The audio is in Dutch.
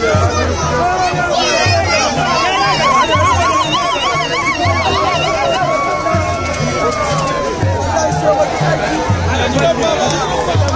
Yeah. Vai, vai, vai.